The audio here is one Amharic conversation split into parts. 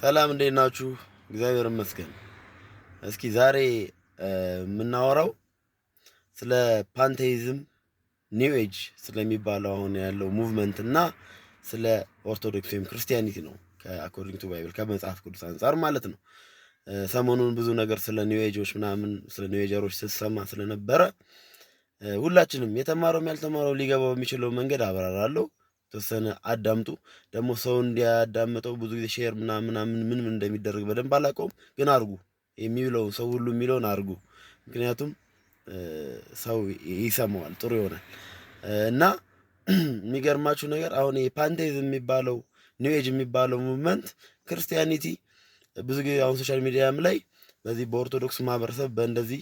ሰላም እንዴት ናችሁ? እግዚአብሔር ይመስገን። እስኪ ዛሬ የምናወራው ስለ ፓንቴይዝም ኒው ኤጅ ስለሚባለው አሁን ያለው ሙቭመንት እና ስለ ኦርቶዶክስ ወይም ክርስቲያኒቲ ነው፣ ከአኮርዲንግ ቱ ባይብል ከመጽሐፍ ቅዱስ አንጻር ማለት ነው። ሰሞኑን ብዙ ነገር ስለ ኒው ኤጆች ምናምን ስለ ኒው ኤጀሮች ስትሰማ ስለነበረ ሁላችንም የተማረውም ያልተማረው ሊገባው የሚችለው መንገድ አብራራለሁ። ተወሰነ አዳምጡ። ደግሞ ሰው እንዲያዳምጠው ብዙ ጊዜ ሼር ምናምን ምን ምን እንደሚደረግ በደንብ አላውቀውም፣ ግን አርጉ የሚለውን ሰው ሁሉ የሚለውን አርጉ። ምክንያቱም ሰው ይሰማዋል፣ ጥሩ ይሆናል እና የሚገርማችሁ ነገር አሁን የፓንቴዝ የሚባለው ኒው ኤጅ የሚባለው ሙቭመንት ክርስቲያኒቲ ብዙ ጊዜ አሁን ሶሻል ሚዲያም ላይ በዚህ በኦርቶዶክስ ማህበረሰብ በእንደዚህ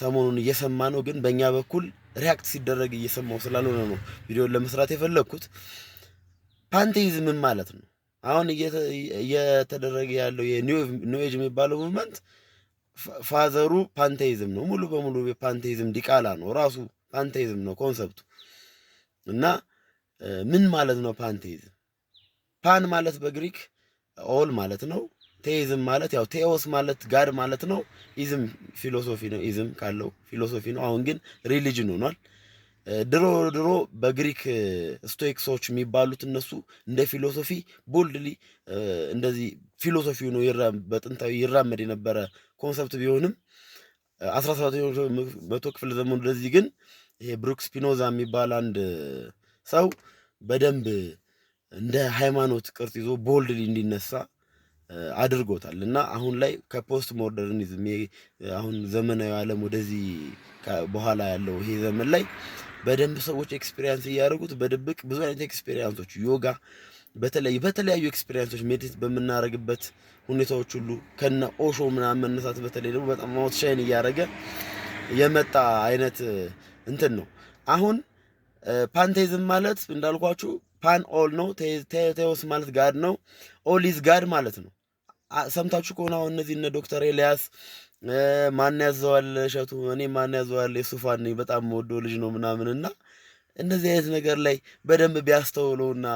ሰሞኑን እየሰማ ነው። ግን በእኛ በኩል ሪያክት ሲደረግ እየሰማው ስላልሆነ ነው ቪዲዮን ለመስራት የፈለግኩት። ፓንቴይዝምን ማለት ነው አሁን እየተደረገ ያለው የኒዌጅ የሚባለው ሙቭመንት ፋዘሩ ፓንቴይዝም ነው። ሙሉ በሙሉ የፓንቴይዝም ዲቃላ ነው። ራሱ ፓንቴይዝም ነው ኮንሰፕቱ። እና ምን ማለት ነው ፓንቴይዝም? ፓን ማለት በግሪክ ኦል ማለት ነው። ቴይዝም ማለት ያው ቴዎስ ማለት ጋድ ማለት ነው። ኢዝም ፊሎሶፊ ነው። ኢዝም ካለው ፊሎሶፊ ነው። አሁን ግን ሪሊጅን ሆኗል። ድሮ ድሮ በግሪክ ስቶይክሶች የሚባሉት እነሱ እንደ ፊሎሶፊ ቦልድሊ እንደዚህ ፊሎሶፊ ነው በጥንታዊ ይራመድ የነበረ ኮንሰፕት ቢሆንም አስራ ሰባተኛው መቶ ክፍለ ዘመን እንደዚህ ግን ይሄ ብሩክ ስፒኖዛ የሚባል አንድ ሰው በደንብ እንደ ሃይማኖት ቅርጽ ይዞ ቦልድሊ እንዲነሳ አድርጎታል እና አሁን ላይ ከፖስት ሞደርኒዝም አሁን ዘመናዊ ዓለም ወደዚህ በኋላ ያለው ይሄ ዘመን ላይ በደንብ ሰዎች ኤክስፔሪንስ እያደረጉት በድብቅ ብዙ አይነት ኤክስፔሪንሶች ዮጋ በተለይ በተለያዩ ኤክስፔሪንሶች ሜዲት በምናደርግበት ሁኔታዎች ሁሉ ከነ ኦሾ ምናምን መነሳት በተለይ ደግሞ በጣም ማውት ሻይን እያደረገ የመጣ አይነት እንትን ነው። አሁን ፓንቴዝም ማለት እንዳልኳችሁ ፓን ኦል ነው። ቴዎስ ማለት ጋድ ነው። ኦል ኢዝ ጋድ ማለት ነው። ሰምታችሁ ከሆነ አሁን እነዚህ እነ ዶክተር ኤልያስ ማን ያዘዋል እሸቱ እኔ ማን ያዘዋል የሱፋን በጣም ወዶ ልጅ ነው ምናምን እና እንደዚህ አይነት ነገር ላይ በደንብ ቢያስተውለውና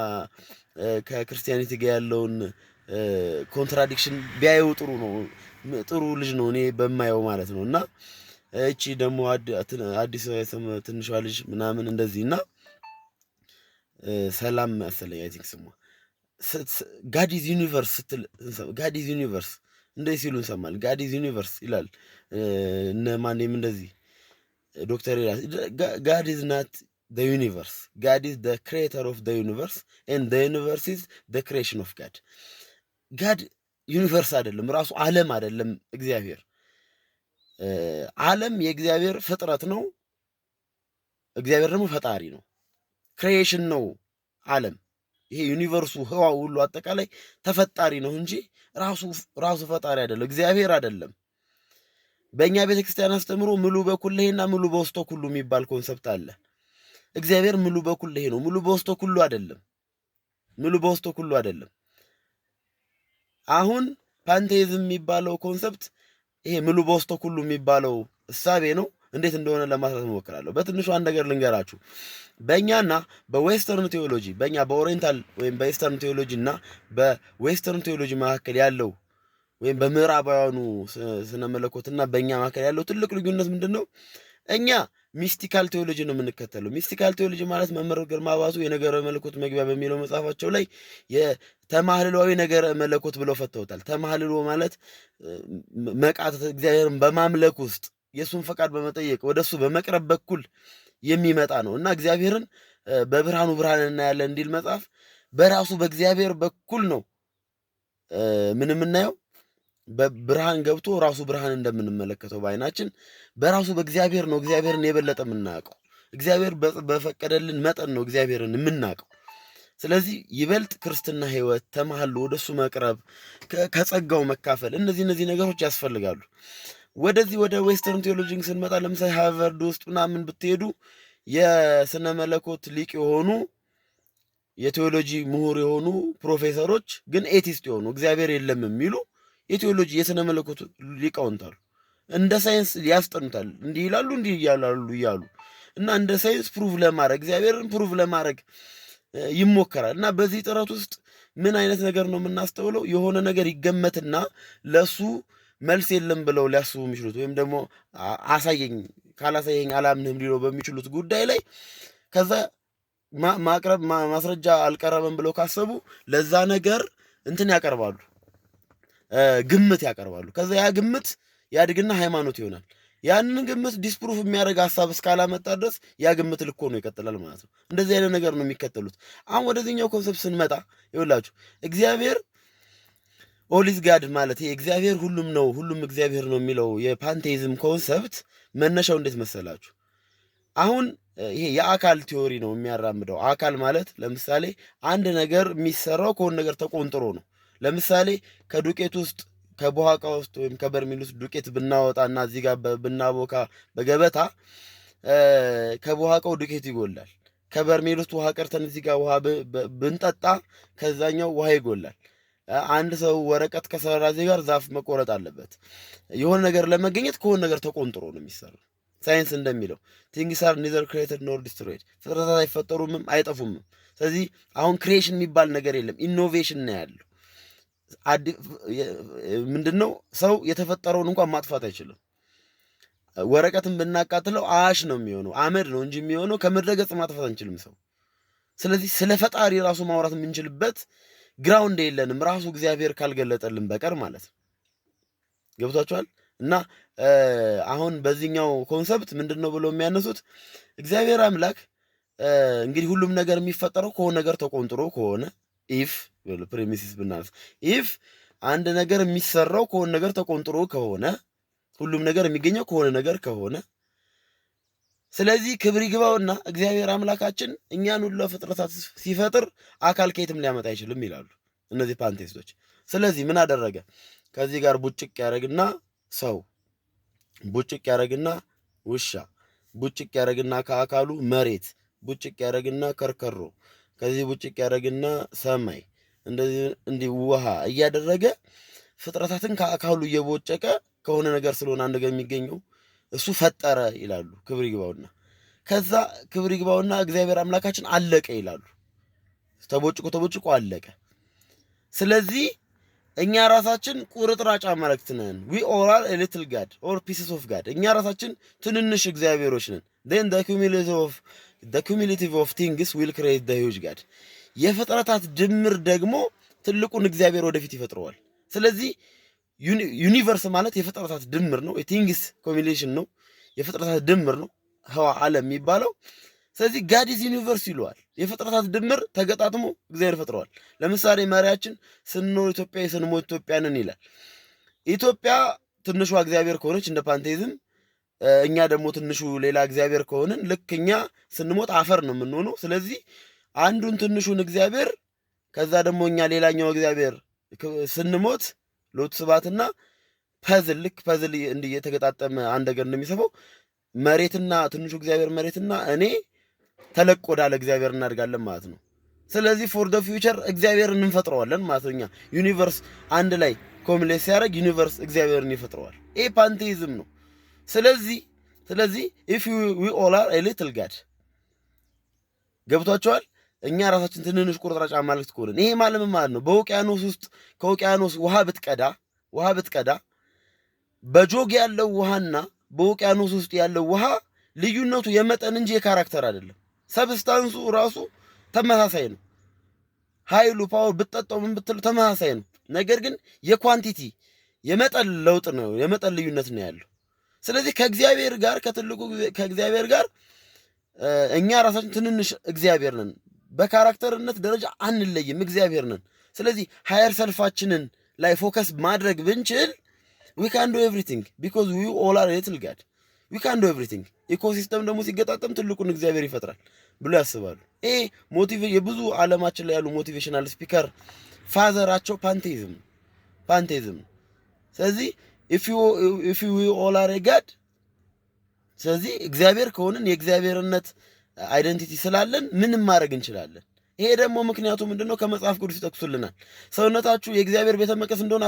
ከክርስቲያኒቲ ጋር ያለውን ኮንትራዲክሽን ቢያየው ጥሩ ነው። ጥሩ ልጅ ነው እኔ በማየው ማለት ነው። እና እቺ ደግሞ አዲስ ትንሿ ልጅ ምናምን እንደዚህ እና ሰላም መሰለኝ አይ ቲንክ ስሟ ጋዲዝ ዩኒቨርስ ስትል ጋዲዝ ዩኒቨርስ እንደዚህ ሲሉ እንሰማል። ጋዲዝ ዩኒቨርስ ይላል እነ ማንም እንደዚህ ዶክተር ራስ ጋዲዝ ናት ደ ዩኒቨርስ ጋዲዝ ደ ክሬተር ኦፍ ደ ዩኒቨርስ ን ደ ዩኒቨርስ ኢዝ ደ ክሬሽን ኦፍ ጋድ ጋድ ዩኒቨርስ አይደለም፣ ራሱ ዓለም አይደለም። እግዚአብሔር ዓለም የእግዚአብሔር ፍጥረት ነው። እግዚአብሔር ደግሞ ፈጣሪ ነው። ክሬሽን ነው ዓለም ይሄ ዩኒቨርሱ ህዋው ሁሉ አጠቃላይ ተፈጣሪ ነው እንጂ ራሱ ራሱ ፈጣሪ አይደለም፣ እግዚአብሔር አይደለም። በእኛ ቤተክርስቲያን አስተምሮ ምሉ በኩለሄና ምሉ በውስተ ኩሉ የሚባል ኮንሰፕት አለ። እግዚአብሔር ምሉ በኩለሄ ነው፣ ምሉ በውስተ ኩሉ አይደለም። ምሉ በውስተ ኩሉ አይደለም። አሁን ፓንቴዝም የሚባለው ኮንሰፕት ይሄ ምሉ በውስተ ኩሉ የሚባለው እሳቤ ነው። እንዴት እንደሆነ ለማስረት እንሞክራለሁ። በትንሹ አንድ ነገር ልንገራችሁ። በእኛና በዌስተርን ቴዎሎጂ በእኛ በኦሪየንታል ወይም በኢስተርን ቴዎሎጂ እና በዌስተርን ቴዎሎጂ መካከል ያለው ወይም በምዕራባውያኑ ስነ መለኮትና በእኛ መካከል ያለው ትልቅ ልዩነት ምንድን ነው? እኛ ሚስቲካል ቴዎሎጂ ነው የምንከተለው። ሚስቲካል ቴዎሎጂ ማለት መምህር ግርማ የነገረ መለኮት መግቢያ በሚለው መጽሐፋቸው ላይ የተማህልሏዊ ነገረ መለኮት ብለው ፈተውታል። ተማህልሎ ማለት መቃተት እግዚአብሔርን በማምለክ ውስጥ የእሱን ፈቃድ በመጠየቅ ወደ እሱ በመቅረብ በኩል የሚመጣ ነው እና እግዚአብሔርን በብርሃኑ ብርሃን እናያለን እንዲል መጽሐፍ በራሱ በእግዚአብሔር በኩል ነው ምን የምናየው በብርሃን ገብቶ ራሱ ብርሃን እንደምንመለከተው በአይናችን በራሱ በእግዚአብሔር ነው እግዚአብሔርን የበለጠ የምናውቀው። እግዚአብሔር በፈቀደልን መጠን ነው እግዚአብሔርን የምናውቀው። ስለዚህ ይበልጥ ክርስትና ህይወት፣ ተማህሎ ወደሱ መቅረብ፣ ከጸጋው መካፈል እነዚህ እነዚህ ነገሮች ያስፈልጋሉ። ወደዚህ ወደ ዌስተርን ቴዎሎጂን ስንመጣ ለምሳሌ ሃርቨርድ ውስጥ ምናምን ብትሄዱ የስነ መለኮት ሊቅ የሆኑ የቴዎሎጂ ምሁር የሆኑ ፕሮፌሰሮች ግን ኤቲስት የሆኑ እግዚአብሔር የለም የሚሉ የቴዎሎጂ የስነ መለኮት ሊቃውንት አሉ። እንደ ሳይንስ ያስጠኑታል። እንዲህ ይላሉ፣ እንዲህ እያላሉ እያሉ እና እንደ ሳይንስ ፕሩቭ ለማድረግ እግዚአብሔርን ፕሩቭ ለማድረግ ይሞከራል። እና በዚህ ጥረት ውስጥ ምን አይነት ነገር ነው የምናስተውለው? የሆነ ነገር ይገመትና ለሱ መልስ የለም ብለው ሊያስቡ የሚችሉት ወይም ደግሞ አሳየኝ ካላሳየኝ አላምንህም ሊለው በሚችሉት ጉዳይ ላይ ከዛ ማቅረብ ማስረጃ አልቀረበም ብለው ካሰቡ ለዛ ነገር እንትን ያቀርባሉ፣ ግምት ያቀርባሉ። ከዛ ያ ግምት ያድግና ሃይማኖት ይሆናል። ያንን ግምት ዲስፕሩፍ የሚያደርግ ሀሳብ እስካላመጣ ድረስ ያ ግምት ልኮ ነው ይቀጥላል ማለት ነው። እንደዚህ አይነት ነገር ነው የሚከተሉት። አሁን ወደዚህኛው ኮንሰፕት ስንመጣ ይኸውላችሁ እግዚአብሔር ኦል ጋድ ማለት እግዚአብሔር ሁሉም ነው፣ ሁሉም እግዚአብሔር ነው የሚለው የፓንቴይዝም ኮንሰፕት መነሻው እንዴት መሰላችሁ? አሁን ይሄ የአካል ቲዎሪ ነው የሚያራምደው። አካል ማለት ለምሳሌ አንድ ነገር የሚሰራው ከሆነ ነገር ተቆንጥሮ ነው። ለምሳሌ ከዱቄት ውስጥ ከቦሃቃ ውስጥ ወይም ከበርሚል ውስጥ ዱቄት ብናወጣ እና እዚህ ጋር ብናቦካ በገበታ ከቦሃቃው ዱቄት ይጎላል። ከበርሜል ውስጥ ውሃ ቀርተን እዚህ ጋር ውሃ ብንጠጣ ከዛኛው ውሃ ይጎላል። አንድ ሰው ወረቀት ከሰራ ዜ ጋር ዛፍ መቆረጥ አለበት። የሆነ ነገር ለመገኘት ከሆነ ነገር ተቆንጥሮ ነው የሚሰራ። ሳይንስ እንደሚለው ቲንግስ አር ኒዘር ክሬትድ ኖር ዲስትሮይድ፣ ፍጥረታት አይፈጠሩምም አይጠፉምም። ስለዚህ አሁን ክሬሽን የሚባል ነገር የለም፣ ኢኖቬሽን ነው ያለው። ምንድን ነው ሰው የተፈጠረውን እንኳን ማጥፋት አይችልም። ወረቀትን ብናቃጥለው አሽ ነው የሚሆነው፣ አመድ ነው እንጂ የሚሆነው ከምድረገጽ ማጥፋት አንችልም ሰው። ስለዚህ ስለ ፈጣሪ ራሱ ማውራት የምንችልበት ግራውንድ የለንም ራሱ እግዚአብሔር ካልገለጠልን በቀር ማለት ነው። ገብቷችኋል? እና አሁን በዚህኛው ኮንሰፕት ምንድን ነው ብሎ የሚያነሱት እግዚአብሔር አምላክ እንግዲህ ሁሉም ነገር የሚፈጠረው ከሆነ ነገር ተቆንጥሮ ከሆነ ኢፍ ፕሬሚሲስ ብናነሱ ኢፍ አንድ ነገር የሚሰራው ከሆነ ነገር ተቆንጥሮ ከሆነ ሁሉም ነገር የሚገኘው ከሆነ ነገር ከሆነ ስለዚህ ክብር ይግባውና እግዚአብሔር አምላካችን እኛን ሁሉ ፍጥረታት ሲፈጥር አካል ከየትም ሊያመጣ አይችልም ይላሉ እነዚህ ፓንቴስቶች። ስለዚህ ምን አደረገ? ከዚህ ጋር ቡጭቅ ያደረግና ሰው ቡጭቅ ያደረግና ውሻ ቡጭቅ ያደረግና ከአካሉ መሬት ቡጭቅ ያደረግና ከርከሮ ከዚህ ቡጭቅ ያደረግና ሰማይ እንደዚህ እንዲህ ውሃ እያደረገ ፍጥረታትን ከአካሉ እየቦጨቀ ከሆነ ነገር ስለሆነ አንድ የሚገኘው እሱ ፈጠረ ይላሉ። ክብር ይግባውና ከዛ ክብር ይግባውና እግዚአብሔር አምላካችን አለቀ ይላሉ። ተቦጭቆ ተቦጭቆ አለቀ። ስለዚህ እኛ ራሳችን ቁርጥራጭ አማልክት ነን። ዊ ኦር አር ሊትል ጋድ ኦር ፒስስ ኦፍ ጋድ። እኛ ራሳችን ትንንሽ እግዚአብሔሮች ነን። ን ኩሚሌቲቭ ኦፍ ቲንግስ ዊል ክሬት ደ ሂውጅ ጋድ። የፍጥረታት ድምር ደግሞ ትልቁን እግዚአብሔር ወደፊት ይፈጥረዋል። ስለዚህ ዩኒቨርስ ማለት የፍጥረታት ድምር ነው። የቲንግስ ኮምቢኔሽን ነው፣ የፍጥረታት ድምር ነው ህዋ ዓለም የሚባለው። ስለዚህ ጋዲዝ ዩኒቨርስ ይለዋል። የፍጥረታት ድምር ተገጣጥሞ እግዚአብሔር ፈጥረዋል። ለምሳሌ መሪያችን ስንኖር ኢትዮጵያ የስንሞ ኢትዮጵያንን ይላል። ኢትዮጵያ ትንሿ እግዚአብሔር ከሆነች እንደ ፓንቴዝም እኛ ደግሞ ትንሹ ሌላ እግዚአብሔር ከሆንን ልክ እኛ ስንሞት አፈር ነው የምንሆነው። ስለዚህ አንዱን ትንሹን እግዚአብሔር ከዛ ደግሞ እኛ ሌላኛው እግዚአብሔር ስንሞት ሎት ስባትና ፐዝል ልክ ፐዝል እንዲህ የተገጣጠመ አንድ ነገር እንደሚሰፋው መሬትና ትንሹ እግዚአብሔር መሬትና እኔ ተለቆ ወዳለ እግዚአብሔር እናድጋለን ማለት ነው። ስለዚህ ፎር ደ ፊውቸር እግዚአብሔርን እንፈጥረዋለን ማለት ነው። እኛ ዩኒቨርስ አንድ ላይ ኮምሌ ሲያደርግ ዩኒቨርስ እግዚአብሔርን ይፈጥረዋል። ይህ ፓንቴይዝም ነው። ስለዚህ ስለዚህ ኢፍ ዊ ኦል አር ኤ ሊትል ጋድ ገብቷቸዋል። እኛ ራሳችን ትንንሽ ቁርጥራጭ አማልክት ከሆንን ይሄ ማለት ማለት ነው? በውቅያኖስ ውስጥ ከውቅያኖስ ውሃ ብትቀዳ ውሃ ብትቀዳ በጆግ ያለው ውሃና በውቅያኖስ ውስጥ ያለው ውሃ ልዩነቱ የመጠን እንጂ የካራክተር አይደለም። ሰብስታንሱ ራሱ ተመሳሳይ ነው። ኃይሉ ፓወር ብትጠጣው ምን ብትለው ተመሳሳይ ነው። ነገር ግን የኳንቲቲ የመጠን ለውጥ ነው፣ የመጠን ልዩነት ነው ያለው። ስለዚህ ከእግዚአብሔር ጋር ከትልቁ ከእግዚአብሔር ጋር እኛ ራሳችን ትንንሽ እግዚአብሔር ነን። በካራክተርነት ደረጃ አንለይም፣ እግዚአብሔር ነን። ስለዚህ ሃየር ሰልፋችንን ላይ ፎከስ ማድረግ ብንችል ዊ ካን ዶ ኤቭሪቲንግ ቢኮዝ ዊ ኦል አር ሊትል ጋድ ዊ ካን ዶ ኤቭሪቲንግ። ኢኮሲስተም ደግሞ ሲገጣጠም ትልቁን እግዚአብሔር ይፈጥራል ብሎ ያስባሉ። ይሄ የብዙ ዓለማችን ላይ ያሉ ሞቲቬሽናል ስፒከር ፋዘራቸው ፓንቴዝም ፓንቴይዝም። ስለዚህ ኢፍ ዊ ኦል አር ጋድ ስለዚህ እግዚአብሔር ከሆንን የእግዚአብሔርነት አይደንቲቲ ስላለን ምንም ማድረግ እንችላለን። ይሄ ደግሞ ምክንያቱ ምንድን ነው? ከመጽሐፍ ቅዱስ ይጠቅሱልናል። ሰውነታችሁ የእግዚአብሔር ቤተ መቅደስ እንደሆነ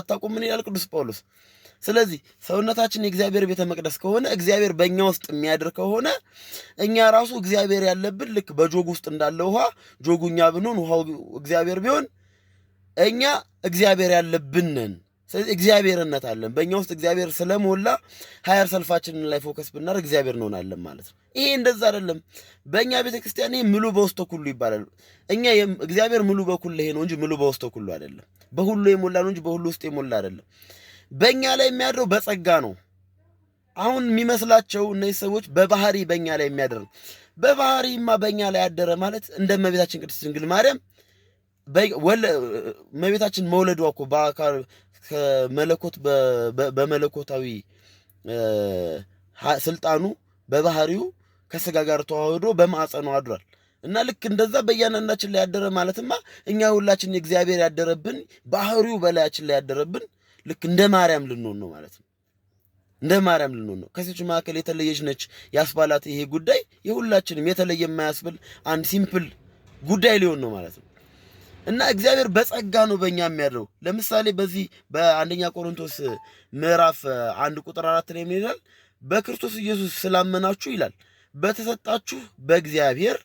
አታውቁም? ምን ይላል ቅዱስ ጳውሎስ? ስለዚህ ሰውነታችን የእግዚአብሔር ቤተ መቅደስ ከሆነ እግዚአብሔር በእኛ ውስጥ የሚያድር ከሆነ እኛ ራሱ እግዚአብሔር ያለብን ልክ በጆግ ውስጥ እንዳለ ውሃ ጆጉኛ ብንሆን ውሃው እግዚአብሔር ቢሆን እኛ እግዚአብሔር ያለብን ነን። ስለዚህ እግዚአብሔርነት አለን። በእኛ ውስጥ እግዚአብሔር ስለሞላ ሀያር ሰልፋችንን ላይ ፎከስ ብናደርግ እግዚአብሔር እንሆናለን ማለት ነው። ይሄ እንደዛ አይደለም። በእኛ ቤተ ክርስቲያን ምሉ በውስተ ኩሉ ይባላል። እኛ እግዚአብሔር ምሉ በኩል ይሄ ነው እንጂ ምሉ በውስተ ኩሉ አይደለም። በሁሉ የሞላ ነው እንጂ በሁሉ ውስጥ የሞላ አይደለም። በእኛ ላይ የሚያድረው በጸጋ ነው። አሁን የሚመስላቸው እነዚህ ሰዎች በባህሪ በእኛ ላይ የሚያድር ነው። በባህሪማ በእኛ ላይ ያደረ ማለት እንደ እመቤታችን ቅድስት ድንግል ማርያም እመቤታችን መውለዷ እኮ ከመለኮት በመለኮታዊ ስልጣኑ በባህሪው ከስጋ ጋር ተዋህዶ በማዕፀኑ አድሯል እና ልክ እንደዛ በእያንዳንዳችን ላይ ያደረ ማለትማ እኛ ሁላችን እግዚአብሔር ያደረብን ባህሪው በላያችን ላይ ያደረብን ልክ እንደ ማርያም ልንሆን ነው ማለት ነው። እንደ ማርያም ልንሆን ነው። ከሴቶች መካከል የተለየች ነች ያስባላት ይሄ ጉዳይ የሁላችንም የተለየ የማያስብል አንድ ሲምፕል ጉዳይ ሊሆን ነው ማለት ነው። እና እግዚአብሔር በጸጋ ነው በእኛ የሚያድረው። ለምሳሌ በዚህ በአንደኛ ቆሮንቶስ ምዕራፍ አንድ ቁጥር አራት ላይ ምን ይላል? በክርስቶስ ኢየሱስ ስላመናችሁ ይላል በተሰጣችሁ በእግዚአብሔር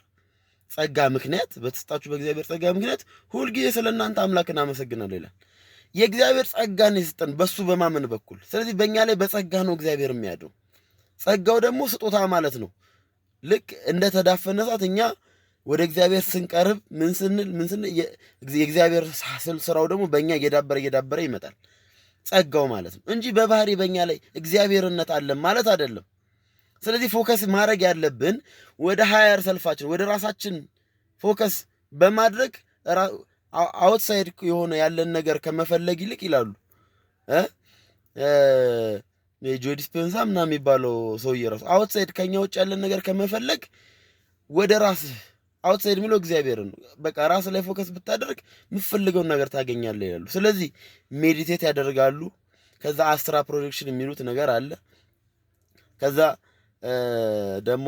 ጸጋ ምክንያት በተሰጣችሁ በእግዚአብሔር ጸጋ ምክንያት ሁልጊዜ ስለ እናንተ አምላክን አመሰግናለሁ ይላል። የእግዚአብሔር ጸጋ ነው የሰጠን በሱ በማመን በኩል። ስለዚህ በእኛ ላይ በጸጋ ነው እግዚአብሔር የሚያድረው። ጸጋው ደግሞ ስጦታ ማለት ነው። ልክ እንደ ተዳፈነ እሳት እኛ ወደ እግዚአብሔር ስንቀርብ ምን ስንል ምን ስንል የእግዚአብሔር ስራው ደግሞ በእኛ እየዳበረ እየዳበረ ይመጣል። ጸጋው ማለት ነው እንጂ በባህሪ በእኛ ላይ እግዚአብሔርነት አለን ማለት አይደለም። ስለዚህ ፎከስ ማድረግ ያለብን ወደ ሀያር ሰልፋችን ወደ ራሳችን ፎከስ በማድረግ አውትሳይድ የሆነ ያለን ነገር ከመፈለግ ይልቅ ይላሉ ጆዲስፔንሳ ምናምን የሚባለው ሰውዬ ራሱ አውትሳይድ ከኛ ውጭ ያለን ነገር ከመፈለግ ወደ ራስህ አውትሳይድ የሚለው እግዚአብሔር ነው። በቃ ራስ ላይ ፎከስ ብታደርግ የምፈልገውን ነገር ታገኛለ ይላሉ። ስለዚህ ሜዲቴት ያደርጋሉ። ከዛ አስትራ ፕሮጀክሽን የሚሉት ነገር አለ። ከዛ ደግሞ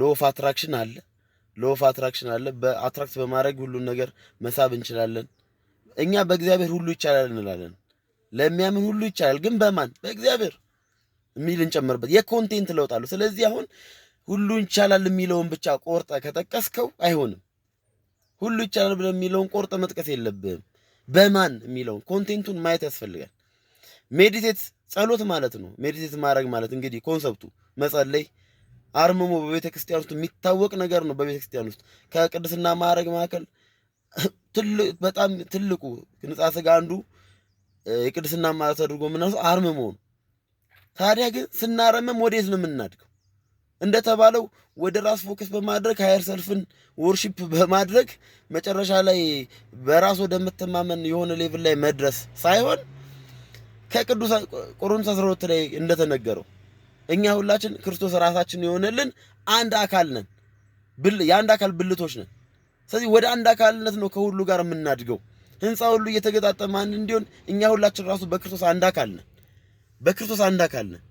ሎፍ አትራክሽን አለ። ሎፍ አትራክሽን አለ። በአትራክት በማድረግ ሁሉን ነገር መሳብ እንችላለን። እኛ በእግዚአብሔር ሁሉ ይቻላል እንላለን። ለሚያምን ሁሉ ይቻላል፣ ግን በማን በእግዚአብሔር የሚል እንጨምርበት። የኮንቴንት ለውጥ አለው። ስለዚህ አሁን ሁሉ ይቻላል የሚለውን ብቻ ቆርጠ ከጠቀስከው አይሆንም። ሁሉ ይቻላል ብለህ የሚለውን ቆርጠ መጥቀስ የለብህም። በማን የሚለውን ኮንቴንቱን ማየት ያስፈልጋል። ሜዲቴት ጸሎት ማለት ነው። ሜዲቴት ማድረግ ማለት እንግዲህ ኮንሰፕቱ መጸለይ አርምሞ በቤተ ክርስቲያን ውስጥ የሚታወቅ ነገር ነው። በቤተ ክርስቲያን ውስጥ ከቅድስና ማዕረግ መካከል በጣም ትልቁ ንጻ ስጋ አንዱ የቅድስና ማዕረግ ተደርጎ የምናነሳው አርምሞ ነው። ታዲያ ግን ስናረመም ወዴት ነው የምናድገው? እንደተባለው ወደ ራስ ፎከስ በማድረግ ሀየር ሰልፍን ወርሺፕ በማድረግ መጨረሻ ላይ በራስ ወደምትማመን የሆነ ሌቭል ላይ መድረስ ሳይሆን ከቅዱስ ቆሮንቶስ 12 ላይ እንደተነገረው እኛ ሁላችን ክርስቶስ ራሳችን የሆነልን አንድ አካል ነን፣ የአንድ አካል ብልቶች ነን። ስለዚህ ወደ አንድ አካልነት ነው ከሁሉ ጋር የምናድገው። ህንፃ ሁሉ እየተገጣጠመ አንድ እንዲሆን እኛ ሁላችን ራሱ በክርስቶስ አንድ አካል ነን። በክርስቶስ አንድ አካል ነን።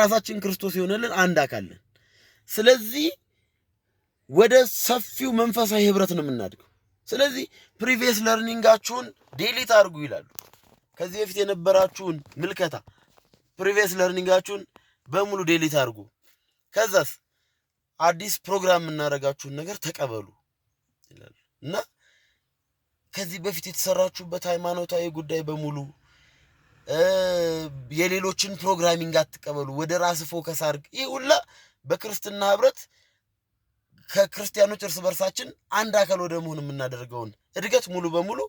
ራሳችን ክርስቶስ የሆነልን አንድ አካል ነን። ስለዚህ ወደ ሰፊው መንፈሳዊ ህብረት ነው የምናድገው። ስለዚህ ፕሪቪየስ ለርኒንጋችሁን ዴሊት አድርጉ ይላሉ። ከዚህ በፊት የነበራችሁን ምልከታ ፕሪቪየስ ለርኒንጋችሁን በሙሉ ዴሊት አድርጉ። ከዛስ አዲስ ፕሮግራም የምናደርጋችሁን ነገር ተቀበሉ ይላሉ እና ከዚህ በፊት የተሰራችሁበት ሃይማኖታዊ ጉዳይ በሙሉ የሌሎችን ፕሮግራሚንግ አትቀበሉ፣ ወደ ራስ ፎከስ አድርግ። ይህ ሁላ በክርስትና ህብረት ከክርስቲያኖች እርስ በርሳችን አንድ አካል ወደ መሆን የምናደርገውን እድገት ሙሉ በሙሉ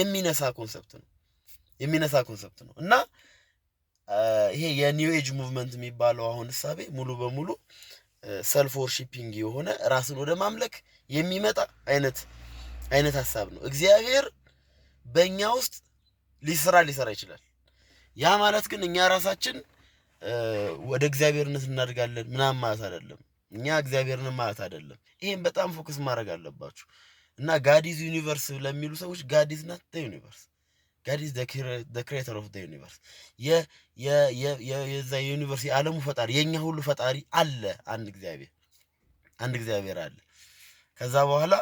የሚነሳ ኮንሰፕት ነው የሚነሳ ኮንሰፕት ነው እና ይሄ የኒው ኤጅ ሙቭመንት የሚባለው አሁን እሳቤ ሙሉ በሙሉ ሰልፍ ወርሺፒንግ የሆነ ራስን ወደ ማምለክ የሚመጣ አይነት አይነት ሀሳብ ነው። እግዚአብሔር በእኛ ውስጥ ሊስራ ሊሰራ ይችላል። ያ ማለት ግን እኛ ራሳችን ወደ እግዚአብሔርነት እናድጋለን ምናምን ማለት አይደለም። እኛ እግዚአብሔርን ማለት አይደለም። ይህም በጣም ፎከስ ማድረግ አለባችሁ። እና ጋዲዝ ዩኒቨርስ ለሚሉ ሰዎች ጋዲዝ ናት ዩኒቨርስ ጋዲዝ ክሬተር ኦፍ ዩኒቨርስ የዛ ዩኒቨርስ የዓለሙ ፈጣሪ የእኛ ሁሉ ፈጣሪ አለ። አንድ እግዚአብሔር አንድ እግዚአብሔር አለ። ከዛ በኋላ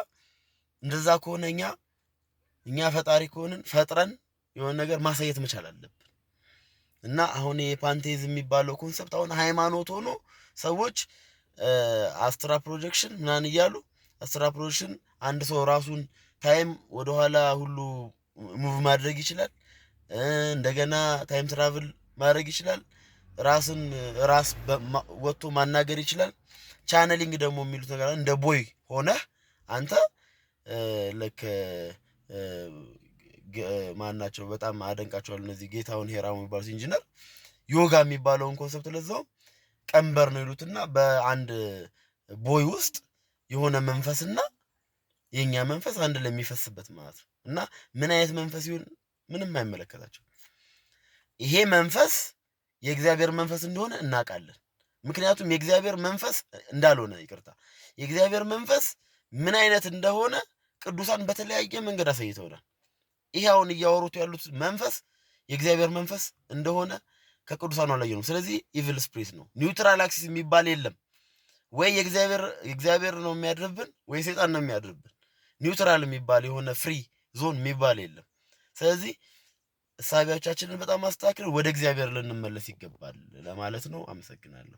እንደዛ ከሆነ እኛ እኛ ፈጣሪ ከሆንን ፈጥረን የሆነ ነገር ማሳየት መቻል አለብን። እና አሁን ይሄ ፓንቴዝ የሚባለው ኮንሰፕት አሁን ሃይማኖት ሆኖ ሰዎች አስትራ ፕሮጀክሽን ምናን እያሉ አስትራ ፕሮጀክሽን አንድ ሰው ራሱን ታይም ወደኋላ ሁሉ ሙቭ ማድረግ ይችላል። እንደገና ታይም ትራቭል ማድረግ ይችላል። ራስን ራስ ወጥቶ ማናገር ይችላል። ቻነሊንግ ደግሞ የሚሉት ነገር እንደ ቦይ ሆነህ አንተ ልክ ማናቸው በጣም አደንቃቸዋለሁ። እነዚህ ጌታሁን ሄራሙ የሚባሉት ኢንጂነር ዮጋ የሚባለውን ኮንሰፕት ለዛው ቀንበር ነው ይሉትና በአንድ ቦይ ውስጥ የሆነ መንፈስና የእኛ መንፈስ አንድ ለሚፈስበት ማለት ነው። እና ምን አይነት መንፈስ ይሁን ምንም አይመለከታቸው። ይሄ መንፈስ የእግዚአብሔር መንፈስ እንደሆነ እናውቃለን። ምክንያቱም የእግዚአብሔር መንፈስ እንዳልሆነ ይቅርታ፣ የእግዚአብሔር መንፈስ ምን አይነት እንደሆነ ቅዱሳን በተለያየ መንገድ አሳይተውናል። ይሄ አሁን እያወሩት ያሉት መንፈስ የእግዚአብሔር መንፈስ እንደሆነ ከቅዱሳኑ አላየነውም። ስለዚህ ኢቪል ስፕሪት ነው። ኒውትራል አክሲስ የሚባል የለም። ወይ የእግዚአብሔር ነው የሚያድርብን ወይ ሴጣን ነው የሚያድርብን። ኒውትራል የሚባል የሆነ ፍሪ ዞን የሚባል የለም። ስለዚህ እሳቢያዎቻችንን በጣም አስተካክለን ወደ እግዚአብሔር ልንመለስ ይገባል ለማለት ነው። አመሰግናለሁ።